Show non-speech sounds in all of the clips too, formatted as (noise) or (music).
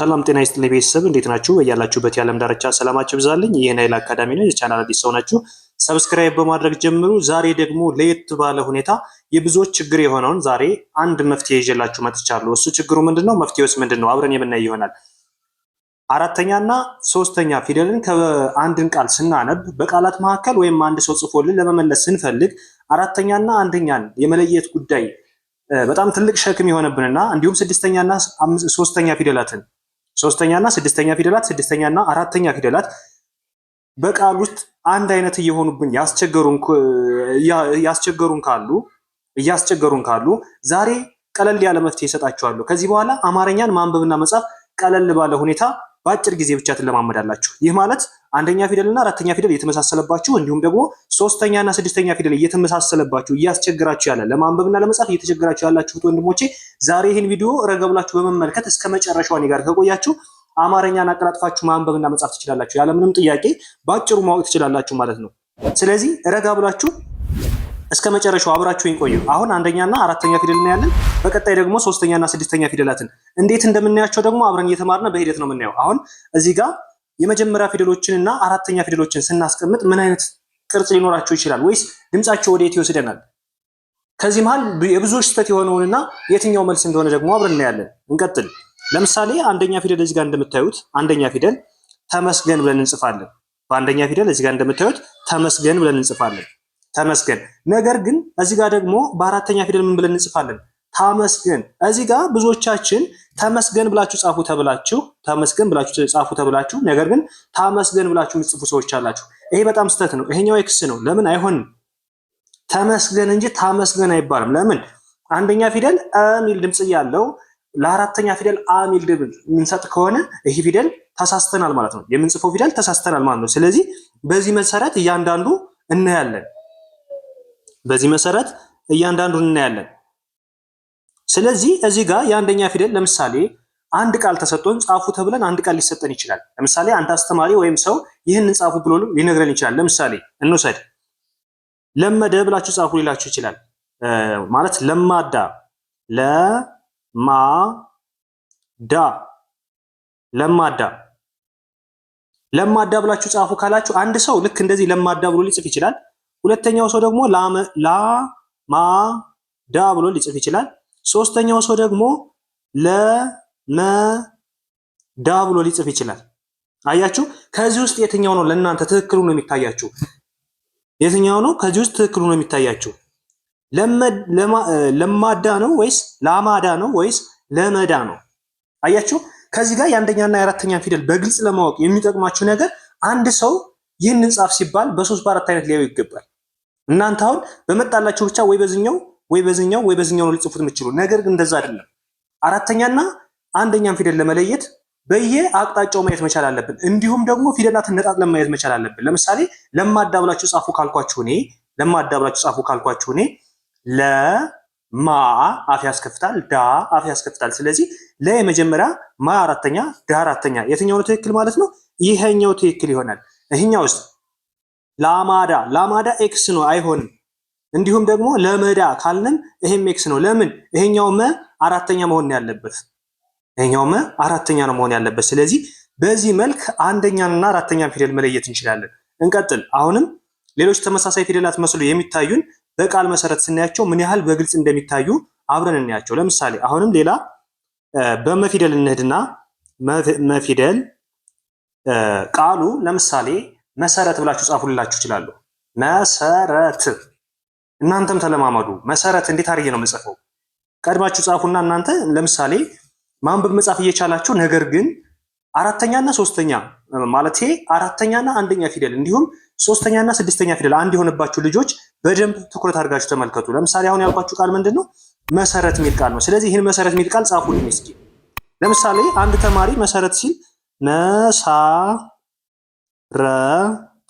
ሰላም ጤና ይስጥልኝ ቤተሰብ እንዴት ናችሁ? በያላችሁበት የዓለም ዳርቻ ሰላማችሁ ብዛልኝ። ይህ ናይል አካዳሚ ነው። የቻናል አዲስ ሰው ናችሁ ሰብስክራይብ በማድረግ ጀምሩ። ዛሬ ደግሞ ለየት ባለ ሁኔታ የብዙዎች ችግር የሆነውን ዛሬ አንድ መፍትሄ ይዤላችሁ መጥቻለሁ። እሱ ችግሩ ምንድን ነው? መፍትሄውስ ምንድን ነው? አብረን የምናይ ይሆናል። አራተኛና ሶስተኛ ፊደልን ከአንድን ቃል ስናነብ በቃላት መካከል ወይም አንድ ሰው ጽፎልን ለመመለስ ስንፈልግ አራተኛና አንደኛን የመለየት ጉዳይ በጣም ትልቅ ሸክም የሆነብንና እንዲሁም ስድስተኛና ሶስተኛ ፊደላትን ሶስተኛና ስድስተኛ ፊደላት ስድስተኛና አራተኛ ፊደላት በቃል ውስጥ አንድ አይነት እየሆኑብን ያስቸገሩን ካሉ እያስቸገሩን ካሉ ዛሬ ቀለል ያለ መፍትሄ ይሰጣችኋለሁ። ከዚህ በኋላ አማርኛን ማንበብና መጻፍ ቀለል ባለ ሁኔታ በአጭር ጊዜ ብቻ ትለማመዳላችሁ። ይህ ማለት አንደኛ ፊደል እና አራተኛ ፊደል እየተመሳሰለባችሁ እንዲሁም ደግሞ ሶስተኛ እና ስድስተኛ ፊደል እየተመሳሰለባችሁ እያስቸግራችሁ ያለ ለማንበብና ለመጻፍ እየተቸግራችሁ ያላችሁት ወንድሞቼ ዛሬ ይህን ቪዲዮ ረገብላችሁ በመመልከት እስከ መጨረሻው እኔ ጋር ከቆያችሁ አማርኛን አቀላጥፋችሁ ማንበብና መጻፍ ትችላላችሁ። ያለምንም ጥያቄ በአጭሩ ማወቅ ትችላላችሁ ማለት ነው። ስለዚህ ረጋ ብላችሁ እስከ መጨረሻው አብራችሁ ቆዩ። አሁን አንደኛና አራተኛ ፊደል እናያለን። በቀጣይ ደግሞ ሶስተኛና ስድስተኛ ፊደላትን እንዴት እንደምናያቸው ደግሞ አብረን እየተማርነ በሂደት ነው የምናየው። አሁን እዚህ ጋር የመጀመሪያ ፊደሎችን እና አራተኛ ፊደሎችን ስናስቀምጥ ምን አይነት ቅርጽ ሊኖራቸው ይችላል፣ ወይስ ድምጻቸው ወደ የት ይወስደናል? ከዚህ መሀል የብዙዎች ስህተት የሆነውንና የትኛው መልስ እንደሆነ ደግሞ አብረን እናያለን። እንቀጥል። ለምሳሌ አንደኛ ፊደል እዚህ ጋር እንደምታዩት አንደኛ ፊደል ተመስገን ብለን እንጽፋለን። በአንደኛ ፊደል እዚህ ጋር እንደምታዩት ተመስገን ብለን እንጽፋለን። ተመስገን። ነገር ግን እዚህ ጋር ደግሞ በአራተኛ ፊደል ምን ብለን እንጽፋለን? ታመስገን። እዚህ ጋር ብዙዎቻችን ተመስገን ብላችሁ ጻፉ ተብላችሁ ተመስገን ብላችሁ ጻፉ ተብላችሁ፣ ነገር ግን ታመስገን ብላችሁ የምትጽፉ ሰዎች አላችሁ። ይሄ በጣም ስህተት ነው። ይሄኛው ኤክስ ነው። ለምን አይሆንም? ተመስገን እንጂ ታመስገን አይባልም። ለምን? አንደኛ ፊደል አ ሚል ድምጽ ያለው ለአራተኛ ፊደል አሚል ሚል ድምጽ የምንሰጥ ከሆነ ይሄ ፊደል ተሳስተናል ማለት ነው። የምንጽፈው ፊደል ተሳስተናል ማለት ነው። ስለዚህ በዚህ መሰረት እያንዳንዱ እናያለን። በዚህ መሰረት እያንዳንዱን እናያለን። ስለዚህ እዚህ ጋር የአንደኛ ፊደል ለምሳሌ አንድ ቃል ተሰጥቶን ጻፉ ተብለን አንድ ቃል ሊሰጠን ይችላል። ለምሳሌ አንድ አስተማሪ ወይም ሰው ይህንን ጻፉ ብሎ ሊነግረን ይችላል። ለምሳሌ እንውሰድ። ለመደ ብላችሁ ጻፉ ሊላችሁ ይችላል። ማለት ለማዳ፣ ለማዳ፣ ለማዳ ለማዳ ብላችሁ ጻፉ ካላችሁ አንድ ሰው ልክ እንደዚህ ለማዳ ብሎ ሊጽፍ ይችላል። ሁለተኛው ሰው ደግሞ ላ ማ ዳ ብሎ ሊጽፍ ይችላል። ሶስተኛው ሰው ደግሞ ለ መ ዳ ብሎ ሊጽፍ ይችላል። አያችሁ፣ ከዚህ ውስጥ የትኛው ነው ለእናንተ ትክክሉ ነው የሚታያችሁ? የትኛው ነው ከዚህ ውስጥ ትክክሉ ነው የሚታያችሁ? ለማዳ ነው ወይስ ላማዳ ነው ወይስ ለመዳ ነው? አያችሁ፣ ከዚህ ጋር የአንደኛና የአራተኛ ፊደል በግልጽ ለማወቅ የሚጠቅማችሁ ነገር አንድ ሰው ይህንን ጻፍ ሲባል በሶስት በአራት አይነት ሊያዩ ይገባል። እናንተ አሁን በመጣላቸው ብቻ ወይ በዝኛው ወይ በዝኛው ወይ በዝኛው ነው ልጽፉት የምትችሉ። ነገር ግን እንደዛ አይደለም። አራተኛና አንደኛን ፊደል ለመለየት በየ አቅጣጫው ማየት መቻል አለብን። እንዲሁም ደግሞ ፊደላትን ነጣጥለን ማየት መቻል አለብን። ለምሳሌ ለማዳብላችሁ ጻፉ ካልኳችሁ እኔ ለማዳብላችሁ ጻፉ ካልኳችሁ እኔ ለ ማ አፍ ያስከፍታል፣ ዳ አፍ ያስከፍታል። ስለዚህ ለየመጀመሪያ ማ አራተኛ፣ ዳ አራተኛ የትኛው ነው ትክክል ማለት ነው? ይሄኛው ትክክል ይሆናል። ይሄኛው ውስጥ ላማዳ ላማዳ ኤክስ ነው፣ አይሆንም። እንዲሁም ደግሞ ለመዳ ካልንም ይሄም ኤክስ ነው። ለምን ይሄኛው መ አራተኛ መሆን ያለበት፣ ይሄኛው መ አራተኛ ነው መሆን ያለበት። ስለዚህ በዚህ መልክ አንደኛንና አራተኛን ፊደል መለየት እንችላለን። እንቀጥል። አሁንም ሌሎች ተመሳሳይ ፊደላት መስሎ የሚታዩን በቃል መሰረት ስናያቸው ምን ያህል በግልጽ እንደሚታዩ አብረን እናያቸው። ለምሳሌ አሁንም ሌላ በመፊደል እንሂድና መፊደል ቃሉ ለምሳሌ መሰረት ብላችሁ ጻፉላችሁ ይችላሉ። መሰረት እናንተም ተለማመዱ። መሰረት እንዴት አድርጌ ነው የምጽፈው? ቀድማችሁ ጻፉና እናንተ ለምሳሌ ማንበብ መጻፍ እየቻላችሁ ነገር ግን አራተኛና ሶስተኛ ማለት አራተኛና አንደኛ ፊደል እንዲሁም ሶስተኛና ስድስተኛ ፊደል አንድ የሆነባችሁ ልጆች በደንብ ትኩረት አድርጋችሁ ተመልከቱ። ለምሳሌ አሁን ያልኳችሁ ቃል ምንድን ነው? መሰረት የሚል ቃል ነው። ስለዚህ ይህን መሰረት የሚል ቃል ጻፉልኝ እስኪ። ለምሳሌ አንድ ተማሪ መሰረት ሲል መሳ ረ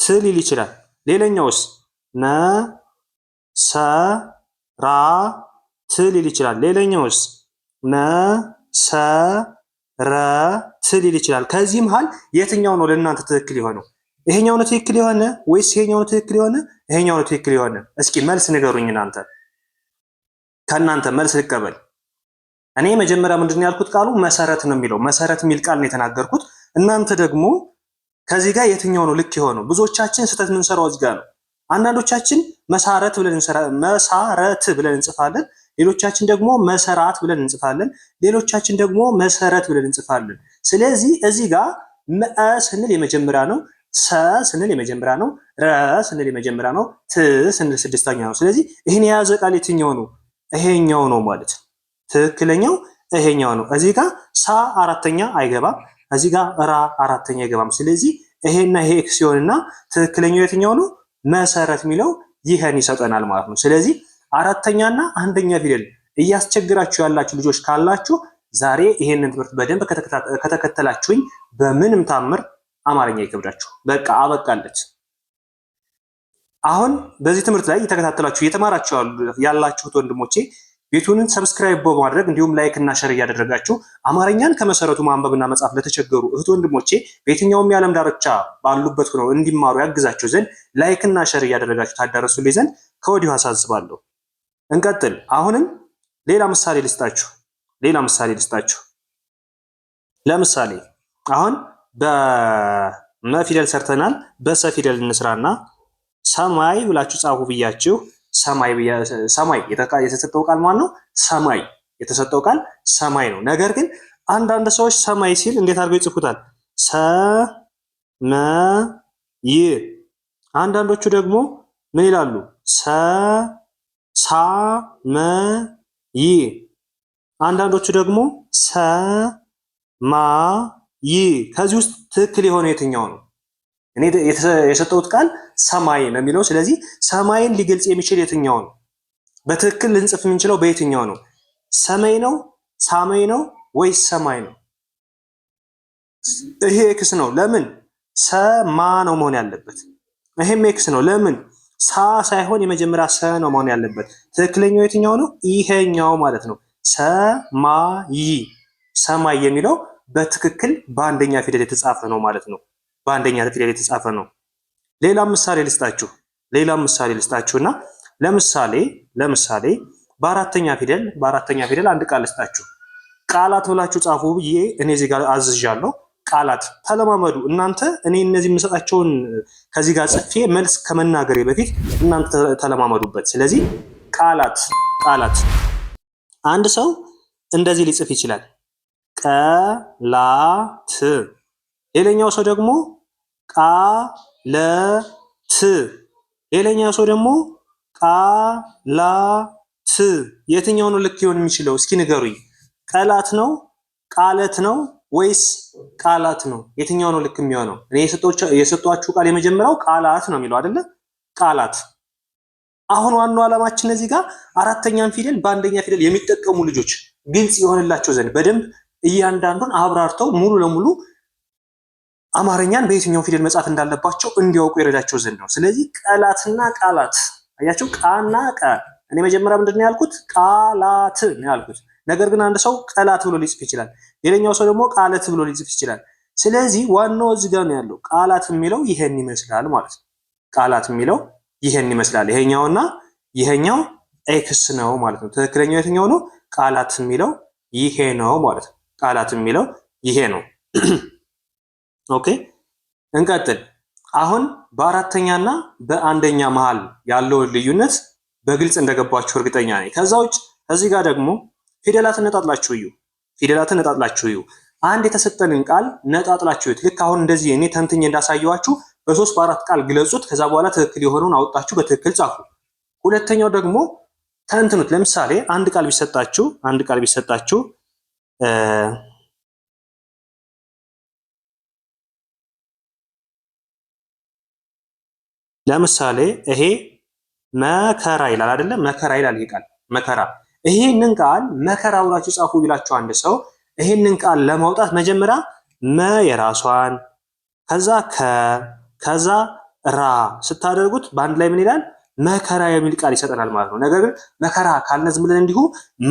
ስ ሊል ይችላል። ሌላኛውስ ነ ሰ ራ ት ሊል ይችላል። ሌላኛውስ ነ ሰ ረ ት ሊል ይችላል። ከዚህ መሃል የትኛው ነው ለእናንተ ትክክል የሆነው? ይሄኛው ነው ትክክል የሆነ ወይስ ይሄኛው ነው ትክክል የሆነ? ይሄኛው ነው ትክክል የሆነ? እስኪ መልስ ንገሩኝ እናንተ። ከእናንተ መልስ ልቀበል። እኔ መጀመሪያ ምንድን ነው ያልኩት? ቃሉ መሰረት ነው የሚለው መሰረት የሚል ቃል ነው የተናገርኩት። እናንተ ደግሞ ከዚህ ጋር የትኛው ነው ልክ የሆነው? ብዙዎቻችን ስህተት የምንሰራው እዚህ ጋር ነው። አንዳንዶቻችን መሳረት ብለን መሳረት ብለን እንጽፋለን። ሌሎቻችን ደግሞ መሰራት ብለን እንጽፋለን። ሌሎቻችን ደግሞ መሰረት ብለን እንጽፋለን። ስለዚህ እዚህ ጋር መ ስንል የመጀመሪያ ነው። ሰ ስንል የመጀመሪያ ነው። ረ ስንል የመጀመሪያ ነው። ት ስንል ስድስተኛ ነው። ስለዚህ ይህን የያዘ ቃል የትኛው ነው? ይሄኛው ነው ማለት ትክክለኛው ይሄኛው ነው። እዚህ ጋር ሳ አራተኛ አይገባም። እዚህ ጋር ራ አራተኛ አይገባም። ስለዚህ ይሄና ይሄ ኤክስ ሲሆንና ትክክለኛው የትኛው ነው? መሰረት የሚለው ይህን ይሰጠናል ማለት ነው። ስለዚህ አራተኛና አንደኛ ፊደል እያስቸግራችሁ ያላችሁ ልጆች ካላችሁ ዛሬ ይሄንን ትምህርት በደንብ ከተከተላችሁኝ በምንም ታምር አማርኛ ይከብዳችሁ። በቃ አበቃለች። አሁን በዚህ ትምህርት ላይ እየተከታተላችሁ እየተማራችሁ ያላችሁት ወንድሞቼ ቤቱንን ሰብስክራይብ በማድረግ እንዲሁም ላይክ እና ሸር እያደረጋችሁ አማርኛን ከመሰረቱ ማንበብና መጻፍ ለተቸገሩ እህት ወንድሞቼ በየትኛውም የዓለም ዳርቻ ባሉበት ሆነው እንዲማሩ ያግዛችሁ ዘንድ ላይክ እና ሸር እያደረጋችሁ ታዳረሱልኝ ዘንድ ከወዲሁ አሳስባለሁ። እንቀጥል። አሁንም ሌላ ምሳሌ ልስጣችሁ። ሌላ ምሳሌ ልስጣችሁ። ለምሳሌ አሁን በመፊደል ሰርተናል። በሰ ፊደል እንስራና ሰማይ ብላችሁ ጻፉ ብያችሁ ሰማይ ሰማይ የተሰጠው ቃል ማን ነው? ሰማይ የተሰጠው ቃል ሰማይ ነው። ነገር ግን አንዳንድ ሰዎች ሰማይ ሲል እንዴት አድርገው ይጽፉታል? ሰመይ። አንዳንዶቹ ደግሞ ምን ይላሉ? ሰሳመይ። አንዳንዶቹ ደግሞ ሰማይ። ከዚህ ውስጥ ትክክል የሆነ የትኛው ነው? እኔ የሰጠሁት ቃል ሰማይ ነው የሚለው። ስለዚህ ሰማይን ሊገልጽ የሚችል የትኛው ነው? በትክክል ልንጽፍ የምንችለው በየትኛው ነው? ሰማይ ነው፣ ሳማይ ነው ወይስ ሰማይ ነው? ይሄ ኤክስ ነው። ለምን ሰማ ነው መሆን ያለበት? ይሄም ኤክስ ነው። ለምን ሳ ሳይሆን የመጀመሪያ ሰ ነው መሆን ያለበት? ትክክለኛው የትኛው ነው? ይሄኛው ማለት ነው። ሰማይ ሰማይ የሚለው በትክክል በአንደኛ ፊደል የተጻፈ ነው ማለት ነው። በአንደኛ ፊደል የተጻፈ ነው። ሌላ ምሳሌ ልስጣችሁ ሌላ ምሳሌ ልስጣችሁና ለምሳሌ ለምሳሌ በአራተኛ ፊደል በአራተኛ ፊደል አንድ ቃል ልስጣችሁ። ቃላት ብላችሁ ጻፉ ብዬ እኔ እዚህ ጋር አዝዣለሁ። ቃላት ተለማመዱ እናንተ። እኔ እነዚህ የምሰጣቸውን ከዚህ ጋር ጽፌ መልስ ከመናገሬ በፊት እናንተ ተለማመዱበት። ስለዚህ ቃላት ቃላት አንድ ሰው እንደዚህ ሊጽፍ ይችላል። ቀላት ሌላኛው ሰው ደግሞ ቃለት ሌላኛው ሰው ደግሞ ቃላት የትኛው ነው ልክ ሊሆን የሚችለው? እስኪ ንገሩኝ። ቀላት ነው ቃለት ነው ወይስ ቃላት ነው? የትኛው ነው ልክ የሚሆነው? እኔ የሰጧችሁ ቃል የመጀመሪያው ቃላት ነው የሚለው አይደለ? ቃላት። አሁን ዋናው ዓላማችን እዚህ ጋር አራተኛን ፊደል በአንደኛ ፊደል የሚጠቀሙ ልጆች ግልጽ የሆንላቸው ዘንድ በደንብ እያንዳንዱን አብራርተው ሙሉ ለሙሉ አማርኛን በየትኛው ፊደል መጻፍ እንዳለባቸው እንዲያውቁ የረዳቸው ዘንድ ነው። ስለዚህ ቀላትና ቃላት አያቸው፣ ቃና ቃል። እኔ መጀመሪያ ምንድን ነው ያልኩት? ቃላት ነው ያልኩት። ነገር ግን አንድ ሰው ቀላት ብሎ ሊጽፍ ይችላል። ሌላኛው ሰው ደግሞ ቃለት ብሎ ሊጽፍ ይችላል። ስለዚህ ዋናው እዚህ ጋር ነው ያለው። ቃላት የሚለው ይሄን ይመስላል ማለት ነው። ቃላት የሚለው ይሄን ይመስላል። ይሄኛውና ይሄኛው ኤክስ ነው ማለት ነው። ትክክለኛው የትኛው ነው? ቃላት የሚለው ይሄ ነው ማለት ነው። ቃላት የሚለው ይሄ ነው። (clears throat) ኦኬ እንቀጥል። አሁን በአራተኛና በአንደኛ መሃል ያለውን ልዩነት በግልጽ እንደገባችሁ እርግጠኛ ነኝ። ከዛ ውጭ እዚህ ጋር ደግሞ ፊደላትን ነጣጥላችሁ እዩ። ፊደላትን ነጣጥላችሁ እዩ። አንድ የተሰጠንን ቃል ነጣጥላችሁት ልክ አሁን እንደዚህ እኔ ተንትኜ እንዳሳየዋችሁ በሶስት በአራት ቃል ግለጹት። ከዛ በኋላ ትክክል የሆነውን አወጣችሁ በትክክል ጻፉ። ሁለተኛው ደግሞ ተንትኑት። ለምሳሌ አንድ ቃል ቢሰጣችሁ አንድ ቃል ቢሰጣችሁ ለምሳሌ ይሄ መከራ ይላል አይደለ? መከራ ይላል ይሄ ቃል መከራ። ይሄንን ቃል መከራ ብላችሁ ጻፉ ቢላችሁ አንድ ሰው ይሄንን ቃል ለማውጣት መጀመሪያ መ የራሷን ከዛ ከ ከዛ ራ ስታደርጉት በአንድ ላይ ምን ይላል? መከራ የሚል ቃል ይሰጠናል ማለት ነው። ነገር ግን መከራ ካልነ ዝም ብለን እንዲሁ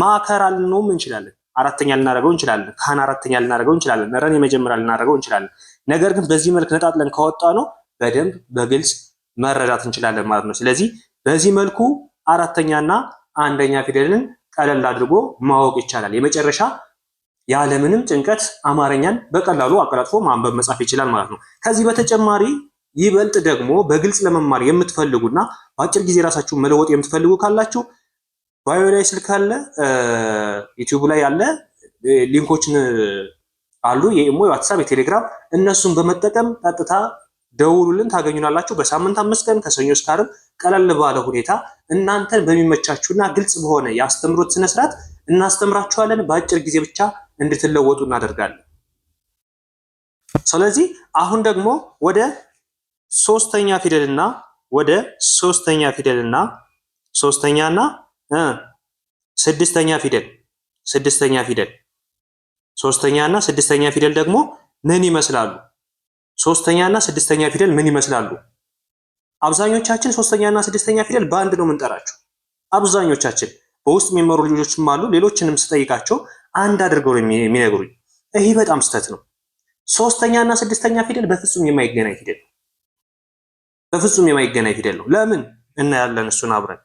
ማከራ ልንሆም እንችላለን። አራተኛ ልናደርገው እንችላለን። ካን አራተኛ ልናደርገው እንችላለን። መረን የመጀመሪያ ልናደርገው እንችላለን። ነገር ግን በዚህ መልክ ነጣጥለን ካወጣ ነው በደንብ በግልጽ መረዳት እንችላለን ማለት ነው። ስለዚህ በዚህ መልኩ አራተኛና አንደኛ ፊደልን ቀለል አድርጎ ማወቅ ይቻላል። የመጨረሻ ያለምንም ጭንቀት አማርኛን በቀላሉ አቀላጥፎ ማንበብ መጻፍ ይችላል ማለት ነው። ከዚህ በተጨማሪ ይበልጥ ደግሞ በግልጽ ለመማር የምትፈልጉና በአጭር ጊዜ ራሳችሁን መለወጥ የምትፈልጉ ካላችሁ ባዮ ላይ ስልክ አለ፣ ዩቲዩብ ላይ ያለ ሊንኮችን አሉ፣ የኢሞ፣ የዋትሳፕ፣ የቴሌግራም እነሱን በመጠቀም ቀጥታ ደውሉልን፣ ታገኙናላችሁ። በሳምንት አምስት ቀን ከሰኞ እስከ ዓርብ ቀለል ባለ ሁኔታ እናንተን በሚመቻችሁና ግልጽ በሆነ የአስተምሮት ስነስርዓት እናስተምራችኋለን። በአጭር ጊዜ ብቻ እንድትለወጡ እናደርጋለን። ስለዚህ አሁን ደግሞ ወደ ሶስተኛ ፊደልና ወደ ሶስተኛ ፊደልና ሶስተኛና ስድስተኛ ፊደል ስድስተኛ ፊደል ሶስተኛና ስድስተኛ ፊደል ደግሞ ምን ይመስላሉ? ሶስተኛ እና ስድስተኛ ፊደል ምን ይመስላሉ? አብዛኞቻችን ሶስተኛ እና ስድስተኛ ፊደል በአንድ ነው የምንጠራቸው። አብዛኞቻችን በውስጥ የሚመሩ ልጆችም አሉ። ሌሎችንም ስጠይቃቸው አንድ አድርገው ነው የሚነግሩኝ። ይሄ በጣም ስህተት ነው። ሶስተኛ እና ስድስተኛ ፊደል በፍጹም የማይገናኝ ፊደል ነው። በፍጹም የማይገናኝ ፊደል ነው። ለምን እናያለን። እሱን አብረን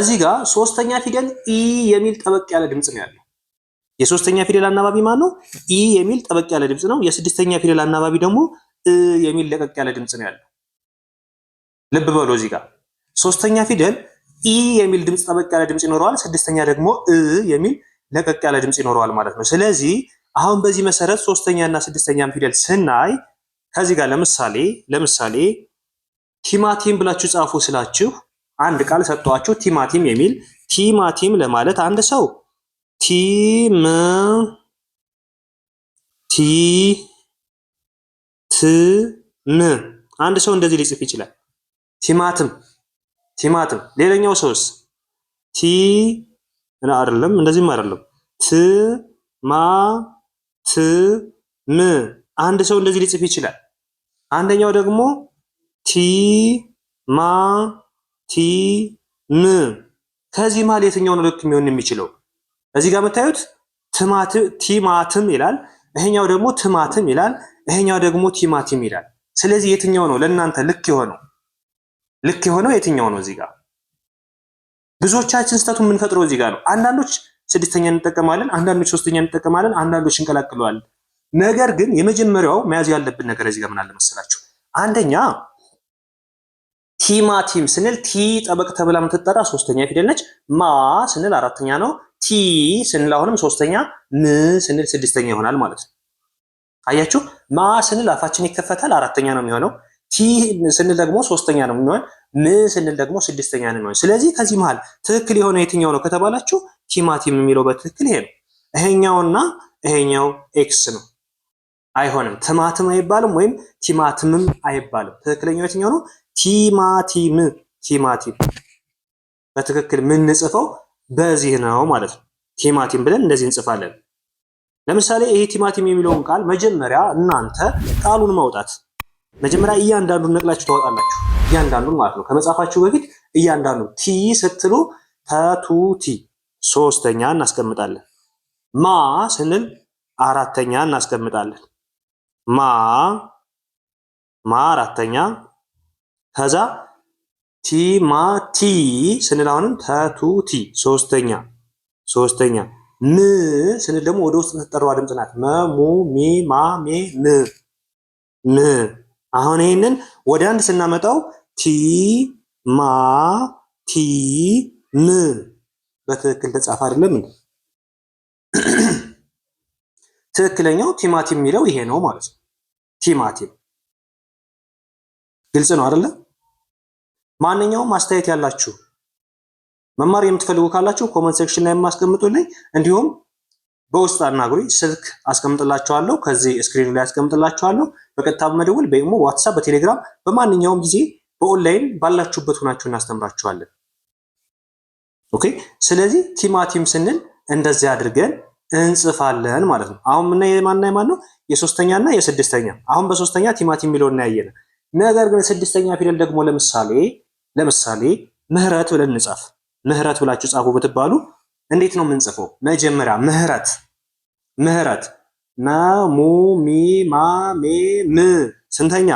እዚህ ጋር ሶስተኛ ፊደል ኢ የሚል ጠበቅ ያለ ድምፅ ነው ያለው። የሶስተኛ ፊደል አናባቢ ማን ነው? ኢ የሚል ጠበቅ ያለ ድምፅ ነው። የስድስተኛ ፊደል አናባቢ ደግሞ እ የሚል ለቀቅ ያለ ድምፅ ነው ያለው። ልብ በሎ እዚህ ጋር ሶስተኛ ፊደል ኢ የሚል ድምፅ ጠበቅ ያለ ድምፅ ይኖረዋል። ስድስተኛ ደግሞ እ የሚል ለቀቅ ያለ ድምፅ ይኖረዋል ማለት ነው። ስለዚህ አሁን በዚህ መሰረት ሶስተኛ እና ስድስተኛ ፊደል ስናይ ከዚህ ጋር ለምሳሌ ለምሳሌ ቲማቲም ብላችሁ ጻፉ ስላችሁ አንድ ቃል ሰጥቷችሁ ቲማቲም የሚል ቲማቲም ለማለት አንድ ሰው ቲማቲምን አንድ ሰው እንደዚህ ሊጽፍ ይችላል። ቲማትም ቲማትም። ሌላኛው ሰውስ ቲ አይደለም፣ እንደዚህም አይደለም። ቲማትም አንድ ሰው እንደዚህ ሊጽፍ ይችላል። አንደኛው ደግሞ ቲማቲም ከዚህ መሀል የትኛው ነው ልክ የሚሆን የሚችለው? እዚህ ጋር የምታዩት ቲማትም ይላል፣ ይሄኛው ደግሞ ትማትም ይላል፣ ይሄኛው ደግሞ ቲማቲም ይላል። ስለዚህ የትኛው ነው ለእናንተ ልክ የሆነው? ልክ የሆነው የትኛው ነው? እዚህ ጋር ብዙዎቻችን ስህተቱን የምንፈጥረው እዚህ ጋር ነው። አንዳንዶች ስድስተኛ እንጠቀማለን፣ አንዳንዶች ሶስተኛ እንጠቀማለን፣ አንዳንዶች እንቀላቅለዋለን። ነገር ግን የመጀመሪያው መያዝ ያለብን ነገር እዚህ ጋር ምን አለ መሰላችሁ? አንደኛ ቲማቲም ስንል ቲ ጠበቅ ተብላ የምትጠራ ሶስተኛ ፊደል ነች። ማ ስንል አራተኛ ነው። ቲ ስንል አሁንም ሶስተኛ፣ ም ስንል ስድስተኛ ይሆናል ማለት ነው። አያችሁ፣ ማ ስንል አፋችን ይከፈታል፣ አራተኛ ነው የሚሆነው። ቲ ስንል ደግሞ ሶስተኛ ነው የሚሆን። ም ስንል ደግሞ ስድስተኛ ነው የሚሆን። ስለዚህ ከዚህ መሀል ትክክል የሆነ የትኛው ነው ከተባላችሁ ቲማቲም የሚለው በትክክል ይሄ ነው። ይሄኛውና ይሄኛው ኤክስ ነው። አይሆንም። ትማትም አይባልም ወይም ቲማትምም አይባልም። ትክክለኛው የትኛው ነው? ቲማቲም ቲማቲም በትክክል የምንጽፈው በዚህ ነው ማለት ነው። ቲማቲም ብለን እንደዚህ እንጽፋለን። ለምሳሌ ይሄ ቲማቲም የሚለውን ቃል መጀመሪያ እናንተ ቃሉን ማውጣት መጀመሪያ እያንዳንዱን ነቅላችሁ ታወጣላችሁ። እያንዳንዱን ማለት ነው። ከመጻፋችሁ በፊት እያንዳንዱ ቲ ስትሉ ቲ ሶስተኛ እናስቀምጣለን። ማ ስንል አራተኛ እናስቀምጣለን። ማ ማ አራተኛ ከዛ ቲማቲ ስንል አሁንም ተቱቲ ሶስተኛ ሶስተኛ ም ስንል ደግሞ ወደ ውስጥ ተጠራዋ ድምፅ ናት። መሙ ሚ ማ ሜ ም ም። አሁን ይህንን ወደ አንድ ስናመጣው ቲ ማ ቲ ም በትክክል ተጻፈ አይደለም። ትክክለኛው ቲማቲም የሚለው ይሄ ነው ማለት ነው። ቲማቲም ግልጽ ነው አይደለም? ማንኛውም አስተያየት ያላችሁ መማር የምትፈልጉ ካላችሁ ኮመንት ሴክሽን ላይ የማስቀምጡልኝ፣ እንዲሁም በውስጥ አናግሩኝ። ስልክ አስቀምጥላችኋለሁ፣ ከዚህ ስክሪን ላይ አስቀምጥላችኋለሁ። በቀጥታ በመደወል በኢሞ በዋትሳፕ፣ በቴሌግራም በማንኛውም ጊዜ በኦንላይን ባላችሁበት ሆናችሁ እናስተምራችኋለን። ኦኬ። ስለዚህ ቲማቲም ስንል እንደዚህ አድርገን እንጽፋለን ማለት ነው። አሁን ምና የማና የማን ነው? የሶስተኛ እና የስድስተኛ። አሁን በሶስተኛ ቲማቲም የሚለውን እናያየን። ነገር ግን ስድስተኛ ፊደል ደግሞ ለምሳሌ ለምሳሌ ምህረት ብለን እንጻፍ። ምህረት ብላችሁ ጻፉ ብትባሉ እንዴት ነው የምንጽፈው? መጀመሪያ ምህረት ምህረት መ ሙ ሚ ማ ሜ ም ስንተኛ?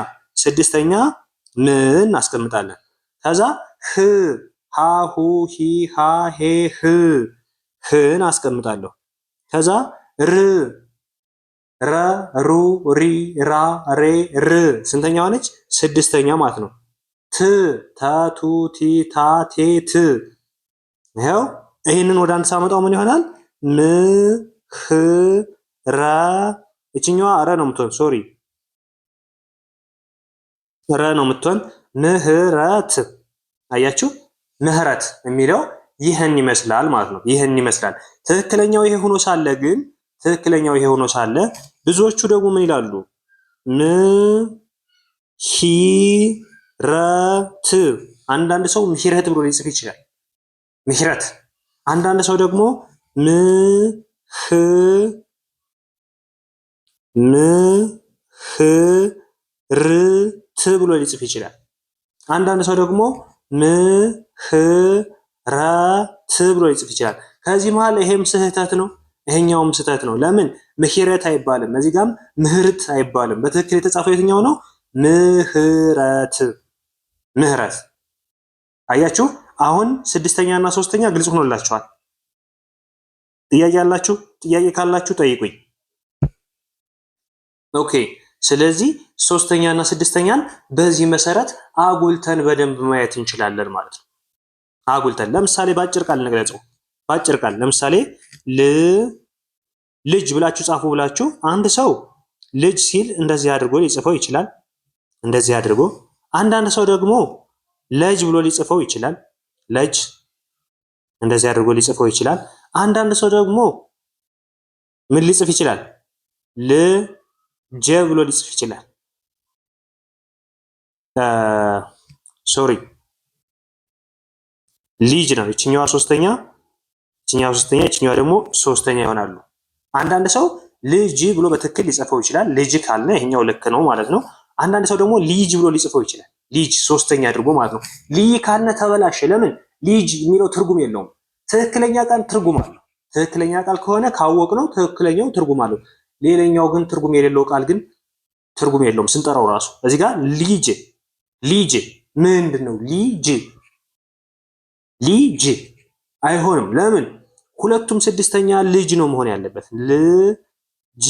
ስድስተኛ ም እናስቀምጣለን። ከዛ ህ ሀ ሁ ሂ ሃ ሄ ህ ህን አስቀምጣለሁ። ከዛ ር ረ ሩ ሪ ራ ሬ ር ስንተኛ ሆነች? ስድስተኛ ማለት ነው። ት ቱ ቲ ታ ቴ ት ይኸው ይህንን ወደ አንድ ሳመጣው ምን ይሆናል? ም ህ ረ እችኛዋ ረ ነው የምትሆን። ሶሪ ረ ነው የምትሆን። ምህረት አያችሁ፣ ምህረት የሚለው ይህን ይመስላል ማለት ነው። ይህን ይመስላል ትክክለኛው ይሄ ሆኖ ሳለ ግን ትክክለኛው ይሄ ሆኖ ሳለ ብዙዎቹ ደግሞ ምን ይላሉ? ም ሂ ረት አንዳንድ ሰው ምህረት ብሎ ሊጽፍ ይችላል። ምህረት አንዳንድ ሰው ደግሞ ር ት ብሎ ሊጽፍ ይችላል። አንዳንድ ሰው ደግሞ ት ብሎ ሊጽፍ ይችላል። ከዚህ መሀል ይሄም ስህተት ነው፣ ይሄኛውም ስህተት ነው። ለምን ምህረት አይባልም፣ እዚህ ጋም ምህርት አይባልም። በትክክል የተጻፈው የትኛው ነው? ምህረት ምህረት። አያችሁ አሁን ስድስተኛ እና ሶስተኛ ግልጽ ሆኖላችኋል። ጥያቄ አላችሁ? ጥያቄ ካላችሁ ጠይቁኝ። ኦኬ ስለዚህ ሶስተኛ እና ስድስተኛን በዚህ መሰረት አጉልተን በደንብ ማየት እንችላለን ማለት ነው። አጉልተን ለምሳሌ በአጭር ቃል እንግለጸው። በአጭር ቃል ለምሳሌ ልጅ ብላችሁ ጻፉ ብላችሁ አንድ ሰው ልጅ ሲል እንደዚህ አድርጎ ሊጽፈው ይችላል። እንደዚህ አድርጎ አንዳንድ ሰው ደግሞ ለጅ ብሎ ሊጽፈው ይችላል። ለጅ እንደዚህ አድርጎ ሊጽፈው ይችላል። አንዳንድ ሰው ደግሞ ምን ሊጽፍ ይችላል? ልጀ ብሎ ሊጽፍ ይችላል። ሶሪ ልጅ ነው። ይችኛዋ ሶስተኛ፣ ይችኛዋ ሶስተኛ፣ ይችኛዋ ደግሞ ሶስተኛ ይሆናሉ። አንዳንድ ሰው ልጅ ብሎ በትክክል ሊጽፈው ይችላል። ልጅ ካልነ ይሄኛው ልክ ነው ማለት ነው። አንዳንድ ሰው ደግሞ ልጅ ብሎ ሊጽፈው ይችላል። ልጅ ሶስተኛ አድርጎ ማለት ነው። ልይ ካነ ተበላሸ። ለምን ሊጅ የሚለው ትርጉም የለውም። ትክክለኛ ቃል ትርጉም አለው። ትክክለኛ ቃል ከሆነ ካወቅ ነው ትክክለኛው ትርጉም አለው። ሌላኛው ግን ትርጉም የሌለው ቃል ግን ትርጉም የለውም ስንጠራው ራሱ። እዚህ ጋር ሊጅ ሊጅ ምንድን ነው? ሊጅ ሊጅ አይሆንም። ለምን? ሁለቱም ስድስተኛ ልጅ ነው መሆን ያለበት። ልጅ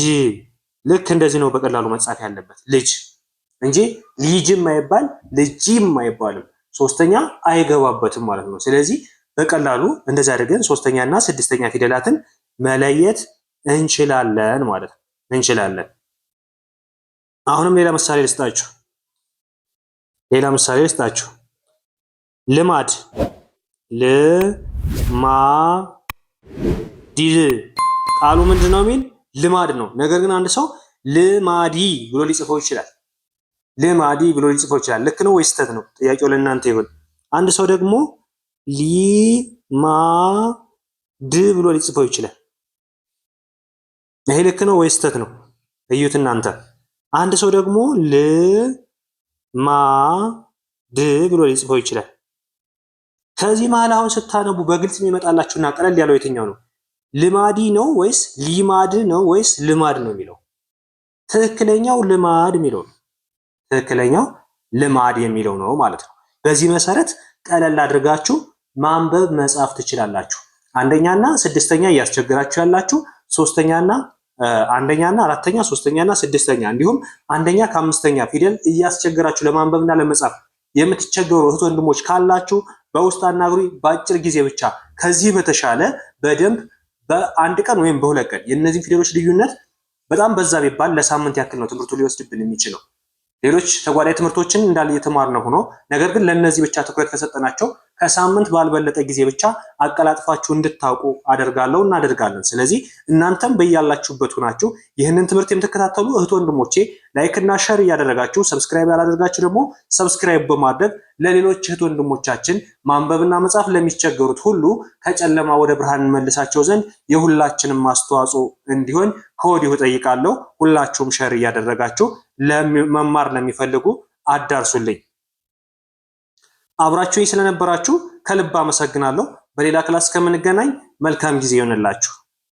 ልክ እንደዚህ ነው በቀላሉ መጻፍ ያለበት ልጅ እንጂ ልጅም አይባል ልጅም አይባልም። ሶስተኛ አይገባበትም ማለት ነው። ስለዚህ በቀላሉ እንደዚህ አድርገን እና ስድስተኛ ፊደላትን መለየት እንችላለን ማለት ነው። እንችላለን። አሁንም ሌላ ምሳሌ ልስጣችሁ። ሌላ ምሳሌ ልስጣችሁ። ልማድ ልማድ ቃሉ ምንድን ነው የሚል ልማድ ነው። ነገር ግን አንድ ሰው ልማዲ ብሎ ሊጽፈው ይችላል። ልማዲ ብሎ ሊጽፈው ይችላል። ልክ ነው ወይስ ስህተት ነው? ጥያቄው ለእናንተ ይሁን። አንድ ሰው ደግሞ ሊማድ ብሎ ሊጽፈው ይችላል። ይሄ ልክ ነው ወይስ ስህተት ነው? እዩት እናንተ። አንድ ሰው ደግሞ ልማድ ብሎ ሊጽፈው ይችላል። ከዚህ መሀል አሁን ስታነቡ በግልጽ የሚመጣላችሁና ቀለል ያለው የትኛው ነው? ልማዲ ነው ወይስ ሊማድ ነው ወይስ ልማድ ነው የሚለው? ትክክለኛው ልማድ የሚለው ነው። ትክክለኛው ልማድ የሚለው ነው ማለት ነው። በዚህ መሰረት ቀለል አድርጋችሁ ማንበብ መጻፍ ትችላላችሁ። አንደኛና ስድስተኛ እያስቸግራችሁ ያላችሁ ሶስተኛና አንደኛና አራተኛ ሶስተኛና ስድስተኛ እንዲሁም አንደኛ ከአምስተኛ ፊደል እያስቸግራችሁ ለማንበብና ለመጻፍ የምትቸገሩ እህት ወንድሞች ካላችሁ በውስጥ አናግሪ። በአጭር ጊዜ ብቻ ከዚህ በተሻለ በደንብ በአንድ ቀን ወይም በሁለት ቀን የእነዚህ ፊደሎች ልዩነት በጣም በዛ ቢባል ለሳምንት ያክል ነው ትምህርቱ ሊወስድብን የሚችለው። ሌሎች ተጓዳኝ ትምህርቶችን እንዳለ እየተማርነው ሆኖ ነገር ግን ለእነዚህ ብቻ ትኩረት ከሰጠናቸው ከሳምንት ባልበለጠ ጊዜ ብቻ አቀላጥፋችሁ እንድታውቁ አደርጋለሁ እናደርጋለን። ስለዚህ እናንተም በያላችሁበት ሆናችሁ ይህንን ትምህርት የምትከታተሉ እህት ወንድሞቼ ላይክ እና ሸር እያደረጋችሁ ሰብስክራይብ ያላደርጋችሁ ደግሞ ሰብስክራይብ በማድረግ ለሌሎች እህት ወንድሞቻችን ማንበብና መጻፍ ለሚቸገሩት ሁሉ ከጨለማ ወደ ብርሃን መልሳቸው ዘንድ የሁላችንም አስተዋጽኦ እንዲሆን ከወዲሁ ጠይቃለሁ። ሁላችሁም ሸር እያደረጋችሁ ለመማር ለሚፈልጉ አዳርሱልኝ። አብራችሁኝ ስለነበራችሁ ከልብ አመሰግናለሁ። በሌላ ክላስ ከምንገናኝ መልካም ጊዜ ይሆንላችሁ።